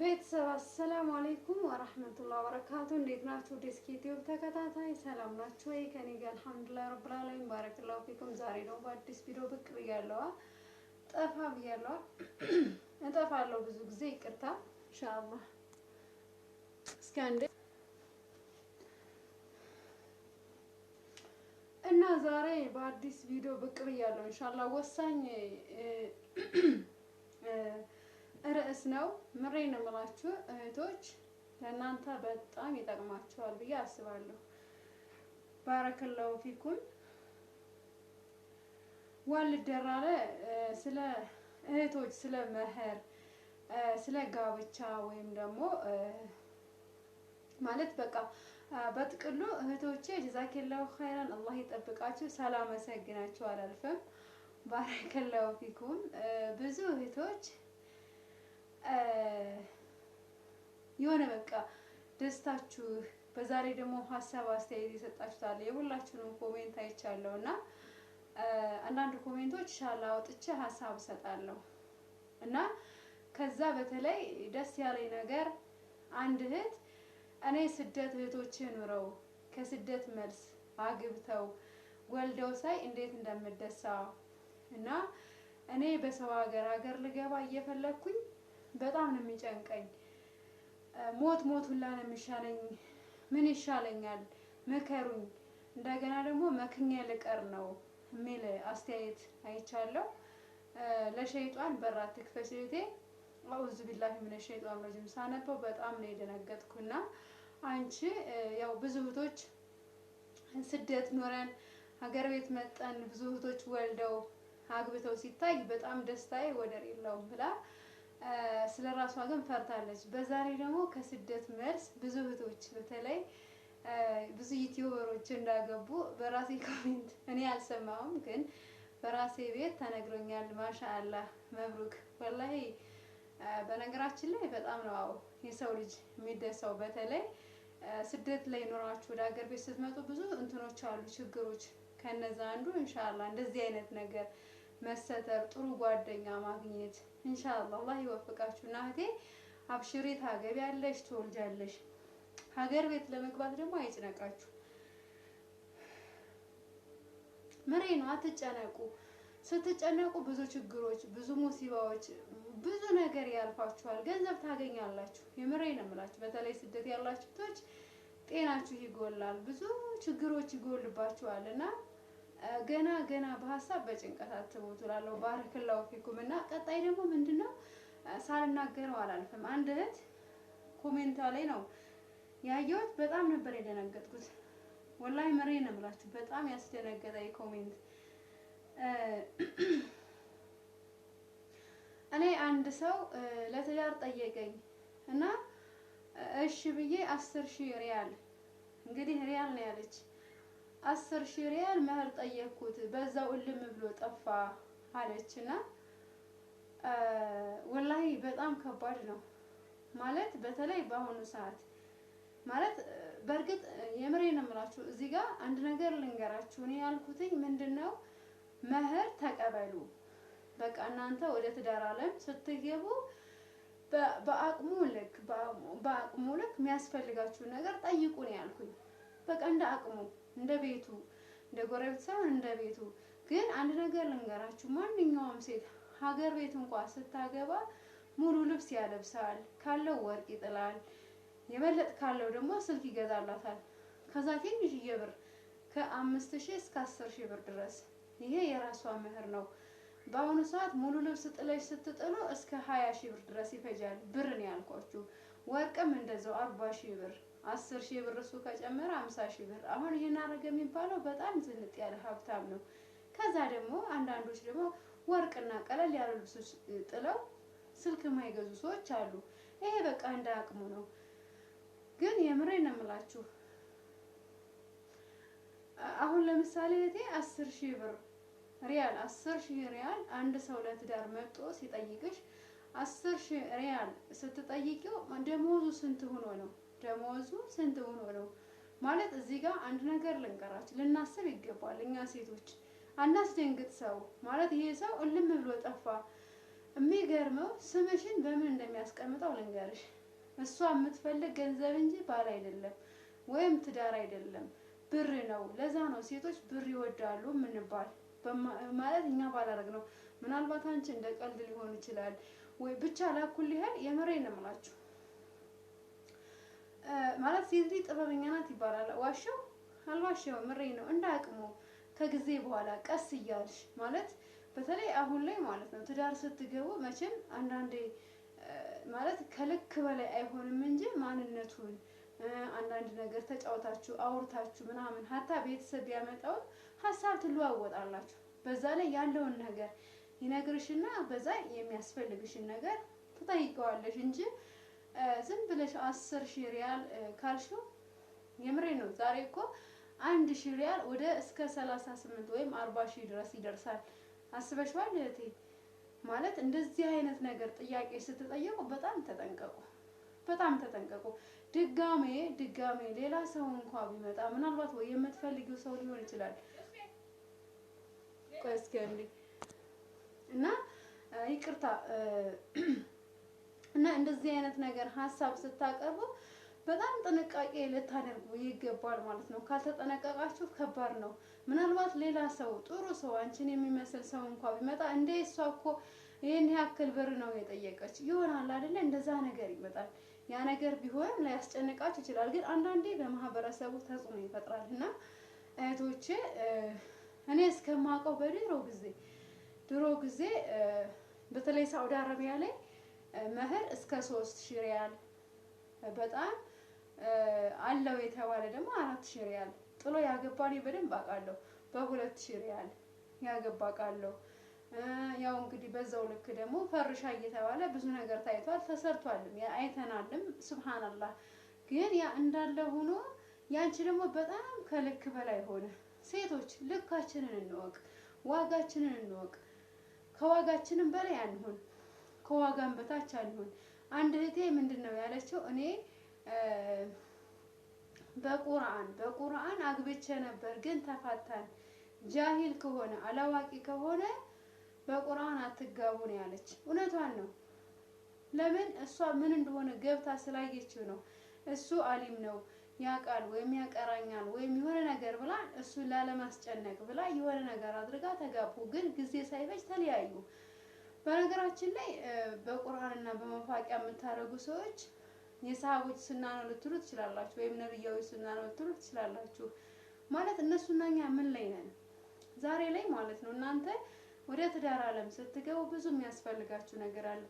ቤተሰብ አሰላሙ አሌይኩም ወረህመቱላህ በረካቱ እንዴት ናችሁ? ዲስክ ዩቲዩብ ተከታታይ ሰላም ናችሁ ወይ? ከኔ ጋር አልሐምዱሊላህ ረብል ዓለሚን ባረከላሁ ፊኩም። ዛሬ ነው በአዲስ ቪዲዮ ብቅ ብያለዋ። ጠፋ ብያለዋ። እጠፋለሁ ብዙ ጊዜ ይቅርታ። ኢንሻአላህ እስኪ አንዴ እና ዛሬ በአዲስ ቪዲዮ ብቅ ብያለሁ። ኢንሻአላህ ወሳኝ ርዕስ ነው። ምሬ ነው የምላችሁ እህቶች፣ ለእናንተ በጣም ይጠቅማችኋል ብዬ አስባለሁ። ባረከላሁ ፊኩም። ዋልድ ደራለ ስለ እህቶች፣ ስለ መህር፣ ስለ ጋብቻ ወይም ደግሞ ማለት በቃ በጥቅሉ እህቶቼ ጀዛኬላሁ ኸይራን አላህ ይጠብቃችሁ። ሰላም ሳላመሰግናችሁ አላልፍም። ባረከላሁ ፊኩም ብዙ እህቶች የሆነ በቃ ደስታችሁ በዛሬ ደግሞ ሀሳብ አስተያየት የሰጣችሁታለ የሁላችሁንም ኮሜንት አይቻለሁ እና አንዳንድ ኮሜንቶች ሻላ አውጥቼ ሀሳብ እሰጣለሁ እና ከዛ በተለይ ደስ ያለኝ ነገር አንድ እህት እኔ ስደት እህቶቼ ኑረው ከስደት መልስ አግብተው ወልደው ሳይ እንዴት እንደምደሳ እና እኔ በሰው ሀገር ሀገር ልገባ እየፈለግኩኝ በጣም ነው የሚጨንቀኝ። ሞት ሞት ሁላ ነው የሚሻለኝ። ምን ይሻለኛል? ምከሩኝ። እንደገና ደግሞ መክኛ ልቀር ነው የሚል አስተያየት አይቻለሁ። ለሸይጧን በራ ትክፈች እህቴ አዑዙ ምን ሸይጧን ረጂም ሳነበው በጣም ነው የደነገጥኩና አንቺ ያው ብዙ እህቶች ስደት ኖረን ሀገር ቤት መጠን ብዙ እህቶች ወልደው አግብተው ሲታይ በጣም ደስታዬ ወደር የለውም ብላ ስለ ራሷ ግን ፈርታለች። በዛሬ ደግሞ ከስደት መልስ ብዙ እህቶች በተለይ ብዙ ዩቲዩበሮች እንዳገቡ በራሴ ኮሜንት እኔ አልሰማሁም፣ ግን በራሴ ቤት ተነግሮኛል። ማሻአላህ መብሩክ ወላሂ። በነገራችን ላይ በጣም ነው የሰው ልጅ የሚደሰው። በተለይ ስደት ላይ ኖራችሁ ወደ ሀገር ቤት ስትመጡ ብዙ እንትኖች አሉ፣ ችግሮች። ከነዛ አንዱ እንሻላ እንደዚህ አይነት ነገር መሰተር፣ ጥሩ ጓደኛ ማግኘት እንሻላ አላህ ይወፍቃችሁና እህቴ አብሽሪ፣ ታገቢያለሽ፣ ትወልጃለሽ። ሀገር ቤት ለመግባት ደግሞ አይጭነቃችሁ። ምሬ ነው፣ አትጨነቁ። ስትጨነቁ ብዙ ችግሮች፣ ብዙ ሙሲባዎች፣ ብዙ ነገር ያልፋችኋል። ገንዘብ ታገኛላችሁ። የምሬ ነው የምላችሁ። በተለይ ስደት ያላችሁ ጤናችሁ ይጎላል፣ ብዙ ችግሮች ይጎልባችኋል እና ገና ገና በሀሳብ በጭንቀት አትቦት እላለሁ። ባረክላው ፊኩም እና ቀጣይ ደግሞ ምንድን ነው ሳልናገረው አላልፍም። አንድ እህት ኮሜንቷ ላይ ነው ያየሁት። በጣም ነበር የደነገጥኩት። ወላይ መሬ ነው ብላችሁ በጣም ያስደነገጠ ኮሜንት። እኔ አንድ ሰው ለትዳር ጠየቀኝ እና እሺ ብዬ አስር ሺህ ሪያል እንግዲህ ሪያል ነው ያለች አስር ሺ ሪያል መህር ጠየቅኩት በዛው እልም ብሎ ጠፋ አለችና ወላሂ በጣም ከባድ ነው ማለት በተለይ በአሁኑ ሰዓት ማለት በእርግጥ የምሬ ነው የምላችሁ። እዚህ ጋር አንድ ነገር ልንገራችሁ። እኔ ያልኩትኝ ምንድን ነው መህር ተቀበሉ። በቃ እናንተ ወደ ትዳር ዓለም ስትገቡ በአቅሙ ልክ በአቅሙ ልክ የሚያስፈልጋችሁን ነገር ጠይቁ ነው ያልኩኝ። በቃ እንደ አቅሙ እንደ ቤቱ እንደ ጎረቤት ሳይሆን እንደ ቤቱ። ግን አንድ ነገር ልንገራችሁ፣ ማንኛውም ሴት ሀገር ቤት እንኳ ስታገባ ሙሉ ልብስ ያለብሳል፣ ካለው ወርቅ ይጥላል፣ የበለጥ ካለው ደግሞ ስልክ ይገዛላታል። ከዛ ትንሽዬ ብር ከአምስት ሺህ እስከ አስር ሺህ ብር ድረስ ይሄ የራሷ መህር ነው። በአሁኑ ሰዓት ሙሉ ልብስ ጥለሽ ስትጥሉ እስከ ሀያ ሺህ ብር ድረስ ይፈጃል። ብርን ያልኳችሁ ወርቅም እንደዛው አርባ ሺህ ብር አስር ሺህ ብር እሱ ከጨመረ አምሳ ሺህ ብር። አሁን ይህን አረገ የሚባለው በጣም ዝንጥ ያለ ሀብታም ነው። ከዛ ደግሞ አንዳንዶች ደግሞ ወርቅና ቀለል ያሉ ልብሶች ጥለው ስልክ የማይገዙ ሰዎች አሉ። ይሄ በቃ እንደ አቅሙ ነው። ግን የምሬ ነው የምላችሁ። አሁን ለምሳሌ እቴ አስር ሺህ ብር ሪያል አስር ሺህ ሪያል አንድ ሰው ለትዳር መጥቶ ሲጠይቅሽ አስር ሺህ ሪያል ስትጠይቂው ደሞዙ ስንት ሆኖ ነው? ደሞዙ ስንት ሆኖ ነው ማለት እዚህ ጋር አንድ ነገር ልንቀራች ልናስብ ይገባል። እኛ ሴቶች አናስደንግጥ ሰው ማለት ይሄ ሰው እልም ብሎ ጠፋ። የሚገርመው ስምሽን በምን እንደሚያስቀምጠው ልንገርሽ። እሷ የምትፈልግ ገንዘብ እንጂ ባል አይደለም ወይም ትዳር አይደለም፣ ብር ነው። ለዛ ነው ሴቶች ብር ይወዳሉ ምንባል ማለት እኛ ባላረግ ነው። ምናልባት አንቺ እንደ ቀልድ ሊሆን ይችላል ወይ ብቻ ላኩል ያህል የምሬን ነው የምላችሁ ማለት ሴት ልጅ ጥበበኛ ናት ይባላል። ዋሸው አልዋሸው ምሬ ነው እንደ አቅሙ ከጊዜ በኋላ ቀስ እያልሽ ማለት በተለይ አሁን ላይ ማለት ነው ትዳር ስትገቡ መቼም አንዳንዴ ማለት ከልክ በላይ አይሆንም እንጂ ማንነቱን አንዳንድ ነገር ተጫውታችሁ አውርታችሁ ምናምን ሀታ ቤተሰብ ያመጣውን ሀሳብ ትለዋወጣላችሁ። በዛ ላይ ያለውን ነገር ይነግርሽና በዛ የሚያስፈልግሽን ነገር ትጠይቀዋለሽ እንጂ ዝም ብለሽ አስር ሺህ ሪያል ካልሽው የምሬ ነው። ዛሬ እኮ አንድ ሺህ ሪያል ወደ እስከ ሰላሳ ስምንት ወይም አርባ ሺህ ድረስ ይደርሳል። አስበሽዋል እህቴ? ማለት እንደዚህ አይነት ነገር ጥያቄ ስትጠየቁ በጣም ተጠንቀቁ፣ በጣም ተጠንቀቁ። ድጋሜ ድጋሜ ሌላ ሰው እንኳ ቢመጣ ምናልባት ወይ የምትፈልጊው ሰው ሊሆን ይችላል እና ይቅርታ እና እንደዚህ አይነት ነገር ሀሳብ ስታቀርቡ በጣም ጥንቃቄ ልታደርጉ ይገባል ማለት ነው። ካልተጠነቀቃችሁ ከባድ ነው። ምናልባት ሌላ ሰው ጥሩ ሰው አንቺን የሚመስል ሰው እንኳ ቢመጣ እንደ እሷ እኮ ይህን ያክል ብር ነው የጠየቀች ይሆናል አይደለ? እንደዛ ነገር ይመጣል። ያ ነገር ቢሆንም ላያስጨንቃችሁ ይችላል። ግን አንዳንዴ በማህበረሰቡ ተጽዕኖ ይፈጥራል እና እህቶቼ እኔ እስከማውቀው በድሮ ጊዜ ድሮ ጊዜ በተለይ ሳውዲ አረቢያ ላይ መህር እስከ ሶስት ሺህ ሪያል በጣም አለው የተባለ ደግሞ አራት ሺህ ሪያል ጥሎ ያገባ እኔ በደንብ አውቃለሁ። በሁለት ሺህ ሪያል ያገባ አውቃለሁ። ያው እንግዲህ በዛው ልክ ደግሞ ፈርሻ እየተባለ ብዙ ነገር ታይቷል፣ ተሰርቷልም አይተናልም። ሱብሃንአላህ ግን ያ እንዳለ ሆኖ ያንቺ ደግሞ በጣም ከልክ በላይ ሆነ። ሴቶች ልካችንን እንወቅ፣ ዋጋችንን እንወቅ። ከዋጋችንም በላይ አንሆን። ከዋጋም በታች አልሆን። አንድ እህቴ ምንድን ነው ያለችው? እኔ በቁርአን በቁርአን አግብቼ ነበር፣ ግን ተፋታን። ጃሂል ከሆነ አላዋቂ ከሆነ በቁርአን አትጋቡ ነው ያለች። እውነቷን ነው። ለምን እሷ ምን እንደሆነ ገብታ ስላየችው ነው። እሱ አሊም ነው ያውቃል ወይም ያቀራኛል ወይም የሆነ ነገር ብላ እሱን ላለማስጨነቅ ብላ የሆነ ነገር አድርጋ ተጋቡ። ግን ጊዜ ሳይፈጅ ተለያዩ። በነገራችን ላይ በቁርአንና በመፋቂያ የምታደርጉ ሰዎች የሰሃቦች ስና ነው ልትሉ ትችላላችሁ፣ ወይም ነብያዊ ስና ነው ልትሉ ትችላላችሁ። ማለት እነሱና እኛ ምን ላይ ነን ዛሬ ላይ ማለት ነው። እናንተ ወደ ትዳር አለም ስትገቡ ብዙ የሚያስፈልጋችሁ ነገር አለ።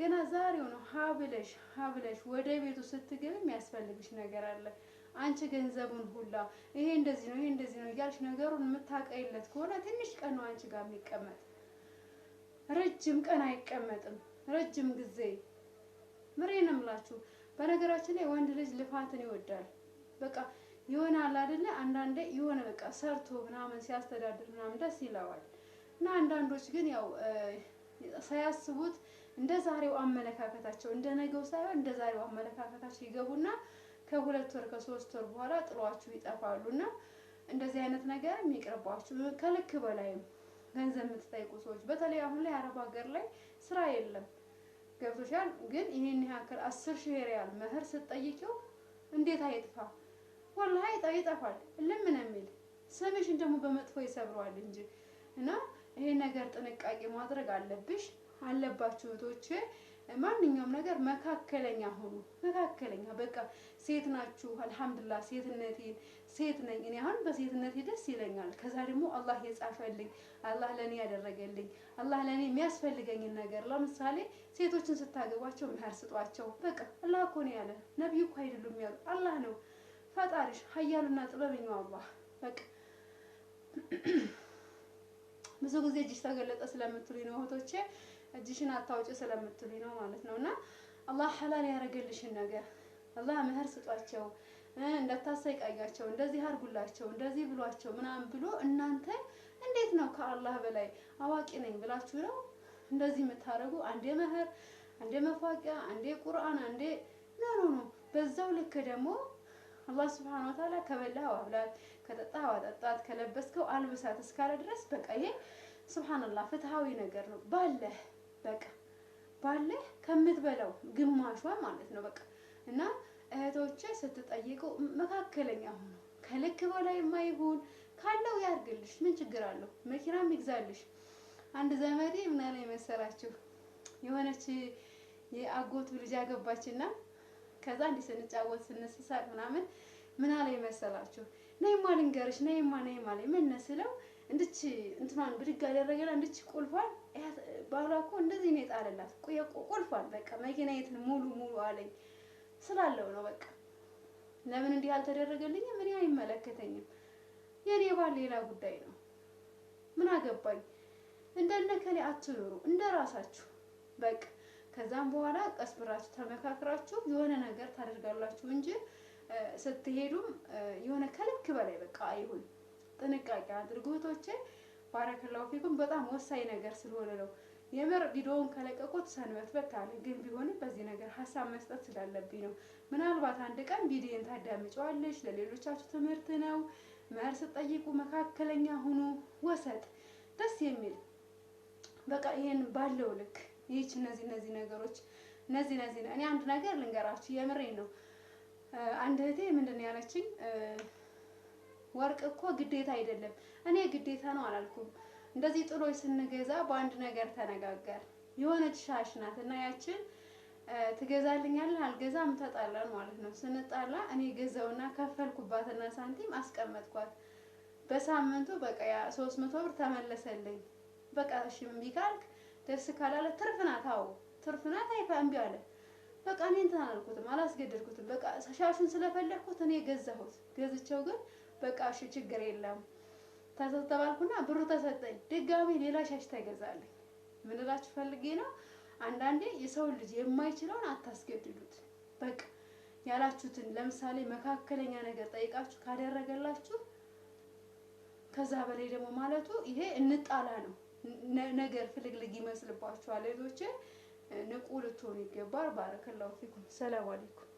ገና ዛሬው ነው ሀብለሽ ሀብለሽ ወደ ቤቱ ስትገቢ የሚያስፈልግሽ ነገር አለ። አንቺ ገንዘቡን ሁላ ይሄ እንደዚህ ነው ይሄ እንደዚህ ነው እያልሽ ነገሩን የምታቀይለት ከሆነ ትንሽ ቀን ነው አንቺ ጋር የሚቀመጥ ረጅም ቀን አይቀመጥም፣ ረጅም ጊዜ ምሬ ነው የምላችሁ። በነገራችን ላይ ወንድ ልጅ ልፋትን ይወዳል። በቃ የሆነ አለ አይደለ አንዳንዴ የሆነ በቃ ሰርቶ ምናምን ሲያስተዳድር ምናምን ደስ ይለዋል። እና አንዳንዶች ግን ያው ሳያስቡት እንደ ዛሬው አመለካከታቸው እንደ ነገው ሳይሆን እንደ ዛሬው አመለካከታቸው ይገቡና ከሁለት ወር ከሶስት ወር በኋላ ጥሏችሁ ይጠፋሉ። እና እንደዚህ አይነት ነገር የሚቀርባችሁ ከልክ በላይም ገንዘብ የምትጠይቁ ሰዎች በተለይ አሁን ላይ አረብ ሀገር ላይ ስራ የለም። ገብቶሻል። ግን ይሄን ያክል አስር ሺህ ሪያል መህር ስትጠይቂው እንዴት አይጥፋ? ወላሂ ይጠፋል። ልምን የሚል ስምሽን ደግሞ በመጥፎ ይሰብረዋል እንጂ እና ይሄ ነገር ጥንቃቄ ማድረግ አለብሽ አለባችሁ እህቶቼ። ማንኛውም ነገር መካከለኛ ሆኑ። መካከለኛ በቃ ሴት ናችሁ። አልሐምዱላ ሴትነቴን ሴት ነኝ እኔ አሁን በሴትነቴ ደስ ይለኛል። ከዛ ደግሞ አላህ የጻፈልኝ አላህ ለእኔ ያደረገልኝ አላህ ለእኔ የሚያስፈልገኝን ነገር ለምሳሌ ሴቶችን ስታገቧቸው ምሀር ስጧቸው። በቃ አላህ እኮ ነው ያለ፣ ነቢዩ እኮ አይደሉም ያሉ አላህ ነው ፈጣሪሽ፣ ሀያሉና ጥበበኛው አላህ በቃ ብዙ ጊዜ እጅሽ ተገለጠ ስለምትሉኝ ነው እህቶቼ እጅሽን አታውጪ ስለምትሉኝ ነው ማለት ነው። እና አላህ ሐላል ያደረገልሽን ነገር አላህ ምህር ስጧቸው፣ እንዳታሰቃያቸው፣ እንደዚህ አርጉላቸው፣ እንደዚህ ብሏቸው ምናምን ብሎ እናንተ እንዴት ነው ከአላህ በላይ አዋቂ ነኝ ብላችሁ ነው እንደዚህ የምታደርጉ? አንዴ መህር፣ አንዴ መፋቂያ፣ አንዴ ቁርአን፣ አንዴ ኖ ኖ ኖ። በዛው ልክ ደግሞ አላህ ስብሐነ ወተዓላ ከበላህ አብላት፣ ከጠጣህ አጠጣት፣ ከለበስከው አልብሳት እስካለ ድረስ በቃ ይሄ ስብሐነላህ ፍትሃዊ ነገር ነው ባለህ በቃ ባለ ከምትበላው ግማሿ ማለት ነው። በቃ እና እህቶቼ ስትጠይቁ መካከለኛ ሆኖ ከልክ በላይ የማይሆን ካለው ያርግልሽ። ምን ችግር አለው? መኪናም ይግዛልሽ። አንድ ዘመዴ ምን አለ የመሰላችሁ የሆነች የአጎቱ ልጅ አገባችና ከዛ እንዲህ ስንጫወት ስንስሳቅ ምናምን ምን አለ የመሰላችሁ ነይማ ልንገርሽ፣ ነይማ ነይማ ላይ ምን ነስለው እንድች እንትኗን ብድግ አደረገና እንድች ቁልፏል። ባሏ እኮ እንደዚህ ነው የጣለላት ቁልፏል። በቃ መኪናዬን ሙሉ ሙሉ አለኝ ስላለው ነው በቃ ለምን እንዲህ አልተደረገልኝም? እኔ አይመለከተኝም። የኔ ባል ሌላ ጉዳይ ነው። ምን አገባኝ? እንደነ ከሌ አትኖሩ፣ እንደ ራሳችሁ በቃ። ከዛም በኋላ ቀስ ብራችሁ ተመካክራችሁ የሆነ ነገር ታደርጋላችሁ እንጂ ስትሄዱም የሆነ ከልክ በላይ በቃ አይሁን። ጥንቃቄ አድርጎቶቼ ባረከላው ፊኩም በጣም ወሳኝ ነገር ስለሆነ ነው። የምር ቪዲዮውን ከለቀቁት ሰንበት በታለ ግን ቢሆንም በዚህ ነገር ሀሳብ መስጠት ስላለብኝ ነው። ምናልባት አንድ ቀን ቪዲዮን ታዳምጪዋለሽ። ለሌሎቻችሁ ትምህርት ነው። መርስ ጠይቁ፣ መካከለኛ ሁኑ፣ ወሰጥ ደስ የሚል በቃ ይሄን ባለው ልክ ይህች እነዚህ እነዚህ ነገሮች እነዚህ እነዚህ እኔ አንድ ነገር ልንገራችሁ፣ የምሬን ነው። አንድ እህቴ ምንድን ነው ያለችኝ ወርቅ እኮ ግዴታ አይደለም። እኔ ግዴታ ነው አላልኩም። እንደዚህ ጥሎች ስንገዛ በአንድ ነገር ተነጋገር። የሆነች ሻሽ ናት እና ያችን ትገዛልኛለህ አልገዛም፣ ተጣላን ማለት ነው። ስንጣላ እኔ ገዛውና ከፈልኩባትና ሳንቲም አስቀመጥኳት። በሳምንቱ በቃ ያ 300 ብር ተመለሰልኝ። በቃ እሺ እምቢ ካልክ ደስ ካላለ ትርፍ ናት። አዎ ትርፍ ናት። አይፋ እምቢ አለ። በቃ እኔ እንትን አላልኩትም፣ አላስገደድኩትም። በቃ ሻሹን ስለፈለግኩት እኔ ገዛሁት። ገዝቸው ግን በቃ እሺ ችግር የለም ተባልኩና ብሩ ተሰጠኝ። ድጋሚ ሌላ ሻሽ ተገዛለኝ። ምን እላችሁ ፈልጌ ነው። አንዳንዴ የሰው ልጅ የማይችለውን አታስገድዱት። በቃ ያላችሁትን ለምሳሌ መካከለኛ ነገር ጠይቃችሁ ካደረገላችሁ ከዛ በላይ ደግሞ ማለቱ ይሄ እንጣላ ነው ነገር ፍልግልግ ይመስልባችኋል። ሌሎች ንቁ ልትሆኑ ይገባል። ባረከላሁ ፊኩም። ሰላም አለይኩም